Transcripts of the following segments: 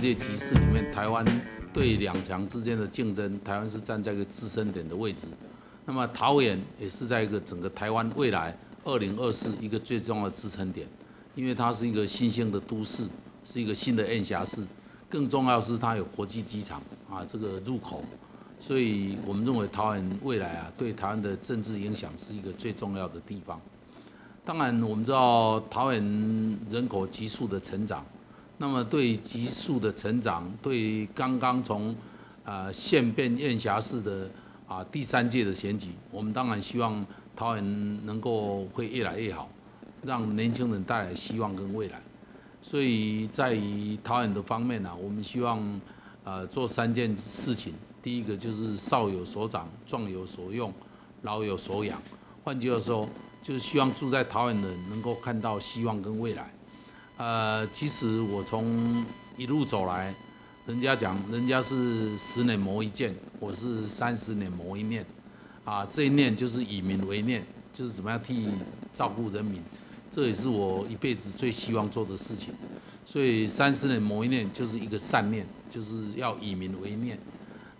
世界局勢裡面，台灣對兩強之間的競爭，台灣是站在一個支撐點的位置。那麼，桃園也是在一個整個台灣未來2024一個最重要的支撐點，因為它是一個新興的都市，是一個新的煙霞市。更重要的是，它有國際機場啊，這個入口。所以我們認為，桃園未來啊，對台灣的政治影響是一個最重要的地方。當然，我們知道桃園人口急速的成長。那麼對於急速的成長，對剛剛從，呃縣變院轄市的啊、呃、第三屆的選舉，我們當然希望桃園能夠會越來越好，讓年輕人帶來希望跟未來。所以在於桃園的方面呢、啊，我們希望，呃做三件事情。第一個就是少有所長，壯有所用，老有所養。換句話說，就是希望住在桃園的人能夠看到希望跟未來。.呃，其實我從一路走來，人家講人家是十年磨一劍，我是三十年磨一念，啊，這一念就是以民為念，就是怎麼樣替照顧人民，這也是我一輩子最希望做的事情。所以三十年磨一念就是一個善念，就是要以民為念。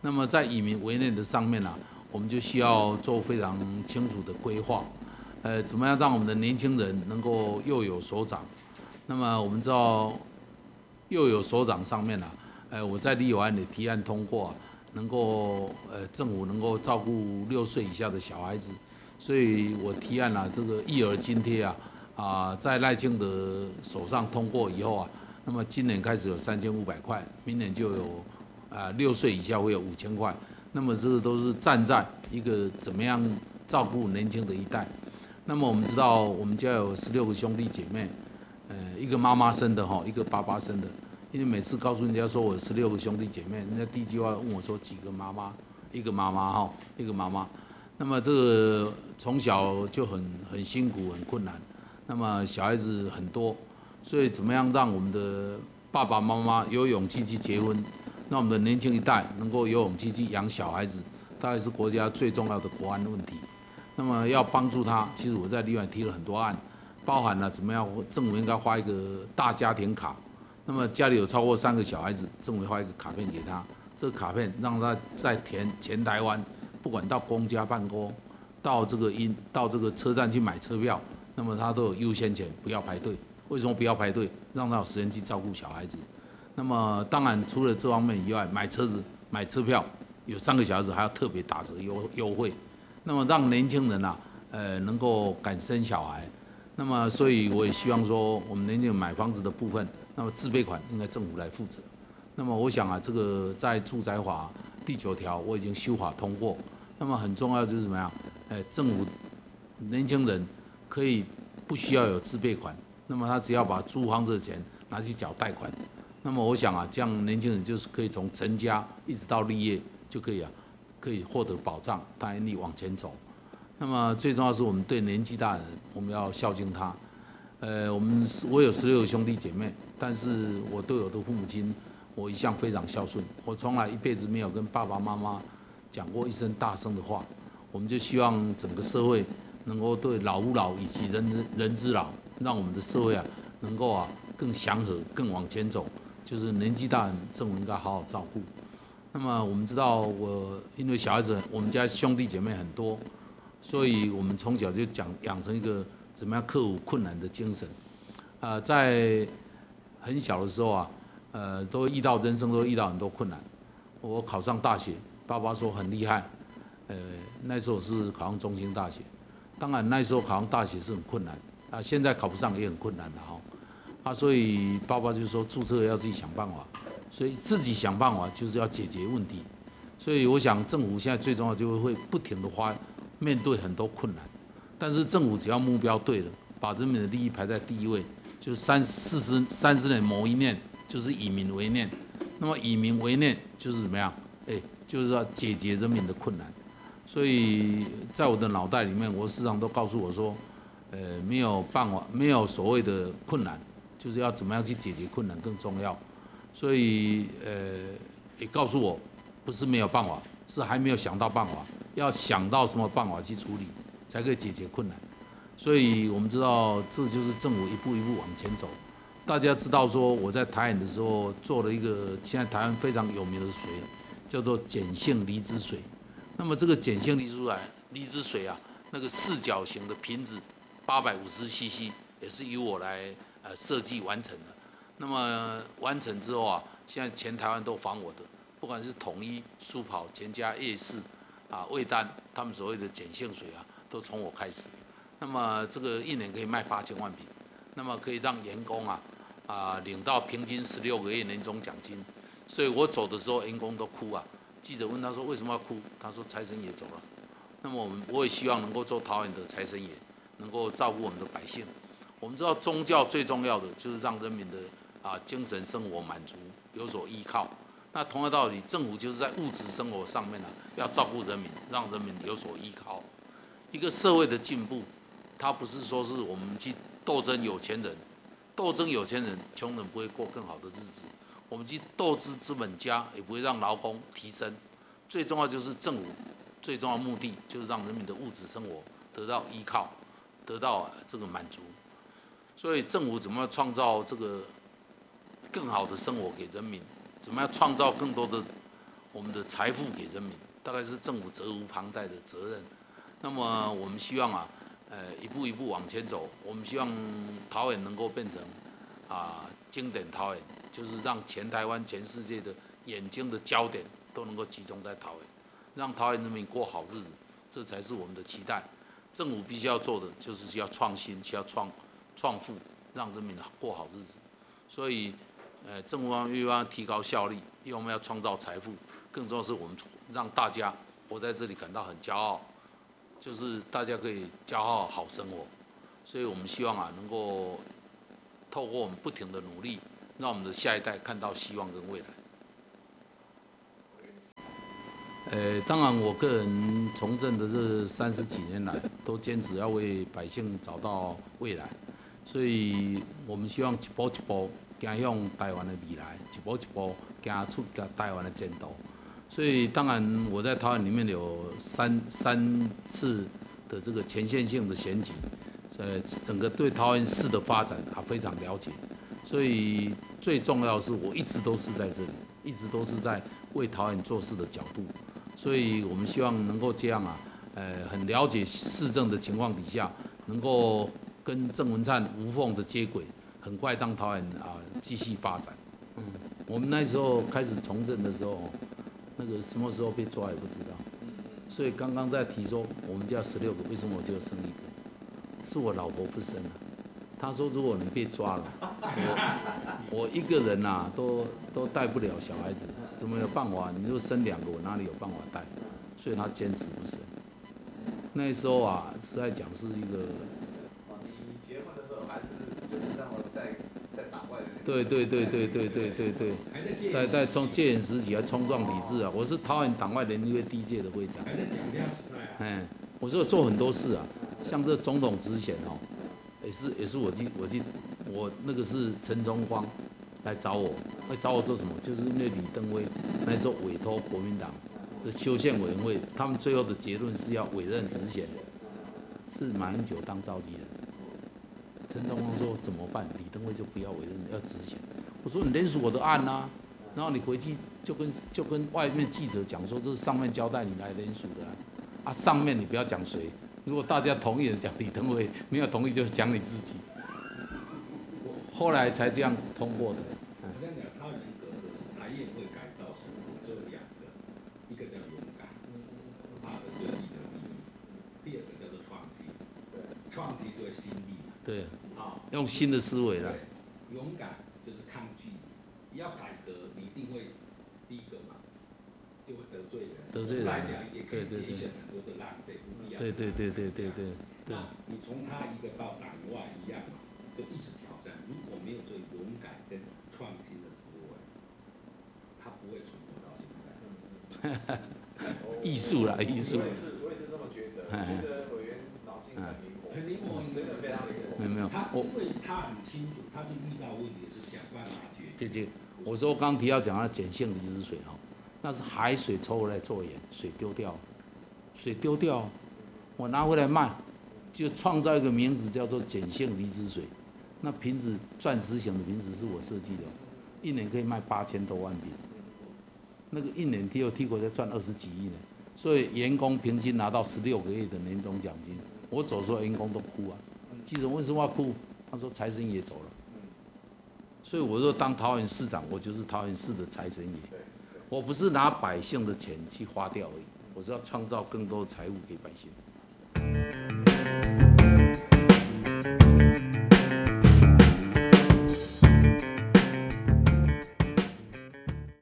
那麼在以民為念的上面呢、啊，我們就需要做非常清楚的規劃，呃，怎麼樣讓我們的年輕人能夠又有所長。那麼我們知道，又有所長上面啊，呃，我在立法院的提案通過、啊，能夠呃政府能夠照顧六歲以下的小孩子，所以我提案了、啊、這個育兒津貼啊啊、呃、在賴清德手上通過以後啊，那麼今年開始有三千五百塊，明年就有啊六、呃、歲以下會有五千塊，那麼這都是站在一個怎麼樣照顧年輕的一代。那麼我們知道我們家有十六個兄弟姐妹。呃，一個媽媽生的哈，一個爸爸生的，因為每次告訴人家說我十六個兄弟姐妹，人家第一句話問我說幾個媽媽？一個媽媽哈，一個媽媽，那麼這個從小就很很辛苦很困難，那麼小孩子很多，所以怎麼樣讓我們的爸爸媽媽有勇氣去結婚，讓我們的年輕一代能夠有勇氣去養小孩子，大概是國家最重要的國安的問題。那麼要幫助他，其實我在立院提了很多案。包含了怎麼樣？政府應該發一個大家庭卡。那麼家裡有超過三個小孩子，政府發一個卡片給他。這個卡片讓他在全台灣，不管到公家辦公，到這個一到這個車站去買車票，那麼他都有優先權，不要排隊。為什麼不要排隊？讓他有時間去照顧小孩子。那麼當然除了這方面以外，買車子、買車票，有三個小孩子還要特別打折優優惠。那麼讓年輕人啊，呃，能夠敢生小孩。那麼，所以我也希望說，我們年輕人買房子的部分，那麼自備款應該政府來負責。那麼，我想啊，這個在住宅法第九條我已經修法通過。那麼很重要就是什麼呀？哎，政府年輕人可以不需要有自備款，那麼他只要把租房子的錢拿去繳貸款。那麼我想啊，這樣年輕人就是可以從成家一直到立業就可以啊，可以獲得保障，他願意往前走。那麼最重要是我們對年紀大的人，我們要孝敬他。呃，我們我有十六個兄弟姐妹，但是我對我的父母親，我一向非常孝順，我從來一輩子沒有跟爸爸媽媽講過一聲大聲的話。我們就希望整個社會能夠對老吾老以及人人人之老，讓我們的社會啊能夠啊更祥和，更往前走。就是年紀大的人，政府應該好好照顧。那麼我們知道我，我因為小孩子，我們家兄弟姐妹很多。所以，我們從小就講養成一個怎麼樣克服困難的精神。啊、呃，在很小的時候啊，呃，都遇到人生都遇到很多困難。我考上大學，爸爸說很厲害。呃，那時候是考上中興大學，當然那時候考上大學是很困難，啊，現在考不上也很困難的哈、哦。啊，所以爸爸就說註冊要自己想辦法，所以自己想辦法就是要解決問題。所以我想政府現在最重要就會不停的花。面對很多困難，但是政府只要目標對了，把人民的利益排在第一位，就三四十三十年某一念，就是以民為念。那麼以民為念就是怎麼樣？誒，就是要解決人民的困難。所以在我的腦袋裡面，我時常都告訴我說，呃，沒有辦法，沒有所謂的困難，就是要怎麼樣去解決困難更重要。所以呃，也告訴我，不是沒有辦法，是還沒有想到辦法。要想到什麼辦法去處理，才可以解決困難。所以，我們知道這就是政府一步一步往前走。大家知道說，我在台鹽的時候做了一個現在台灣非常有名的水，叫做鹼性離子水。那麼，這個鹼性離子水，離子水啊，那個四角形的瓶子，八百五十 CC 也是由我來呃設計完成的。那麼完成之後啊，現在全台灣都仿我的，不管是統一、舒跑、全家、夜市。啊，味丹他們所謂的鹼性水啊，都從我開始。那麼這個一年可以賣八千萬瓶，那麼可以讓員工啊啊、呃、領到平均十六個月年終獎金。所以我走的時候，員工都哭啊。記者問他說：“為什麼要哭？”他說：“財神爺走了。”那麼我們我也希望能夠做桃園的財神爺，能夠照顧我們的百姓。我們知道宗教最重要的就是讓人民的啊精神生活滿足，有所依靠。那同樣道理，政府就是在物質生活上面呢，要照顧人民，讓人民有所依靠。一個社會的進步，它不是說是我們去鬥爭有錢人，鬥爭有錢人，窮人不會過更好的日子。我們去鬥爭資本家，也不會讓勞工提升。最重要就是政府，最重要的目的就是讓人民的物質生活得到依靠，得到這個滿足。所以政府怎麼創造這個更好的生活給人民？怎麼樣創造更多的我們的財富給人民，大概是政府責無旁貸的責任。那麼我們希望啊，呃，一步一步往前走。我們希望桃園能夠變成啊、呃、經典桃園，就是讓全台灣、全世界的眼睛的焦點都能夠集中在桃園，讓桃園人民過好日子，這才是我們的期待。政府必須要做的就是需要創新，需要創創富，讓人民過好日子。所以。呃，政府方要提高效率，因為我們要創造財富，更重要是我們讓大家活在這裡感到很驕傲，就是大家可以驕傲好生活，所以我們希望啊，能夠透過我們不停的努力，讓我們的下一代看到希望跟未來。呃、欸，當然我個人從政的這三十幾年來，都堅持要為百姓找到未來，所以我們希望一波一波。走向臺灣的未來，一步一步行出臺灣的前途。所以，當然我在桃園裡面有三三次的這個前線性的選舉，所以整個對桃園市的發展啊非常了解。所以最重要是我一直都是在這裡，一直都是在為桃園做事的角度。所以我們希望能夠這樣啊，呃，很了解市政的情況底下，能夠跟鄭文燦無縫的接軌，很快當桃園啊。繼續發展。嗯，我們那時候開始從政的時候，那個什麼時候被抓也不知道。所以剛剛在提說我們家十六個，為什麼我就要生一個？是我老婆不生啊。她說如果你被抓了，我我一個人啊，都都帶不了小孩子，怎麼有辦法？你就生兩個，我哪裡有辦法帶？所以她堅持不生。那時候啊，實在講是一個。對對對對對對對對，在在戒嚴時期啊，衝撞體制啊！我是桃園黨外聯誼會第一屆的會長，哎，我說我做很多事啊，像這總統直選哦，也是也是我記，我記，我那個是陳忠光來找我，來找我做什麼？就是因為李登輝那時候委託國民黨的修憲委員會，他們最後的結論是要委任直選的，是馬英九當召集人。陳東方說：“怎麼辦？”李登輝就不要委任，要執行。我說：“你連署我的案吶、啊，然後你回去就跟就跟外面記者講說，這是上面交代你來連署的案，案啊，上面你不要講誰，如果大家同意的講李登輝，沒有同意就講你自己。後來才這樣通過的。”對，用新的思維來，勇敢就是抗拒，你要改革，你一定會第一個嘛，就會得罪人。都這樣嘛，對對對。對對對對對對對。你從他一個到黨外一樣嘛，就一直挑戰。如果沒有最勇敢跟創新的思維，他不會存活到現在。藝術啦，藝術。我他，不會他很清楚，他就遇到問題是想辦法解決。對對，我說剛剛提到講啊，那鹼性離子水哈，那是海水抽回來做鹽，水丟掉，水丟掉，我拿回來賣，就創造一個名字叫做鹼性離子水。那瓶子鑽石型的瓶子是我設計的，一年可以賣八千多萬瓶，那個一年替國家在賺二十幾億呢，所以員工平均拿到十六個月的年終獎金，我走的時候員工都哭啊。記者問：“為什麼哭？”他說：“財神爺走了。”所以我說：“當桃園市長，我就是桃園市的財神爺。我不是拿百姓的錢去花掉而已，我是要創造更多的財富給百姓。”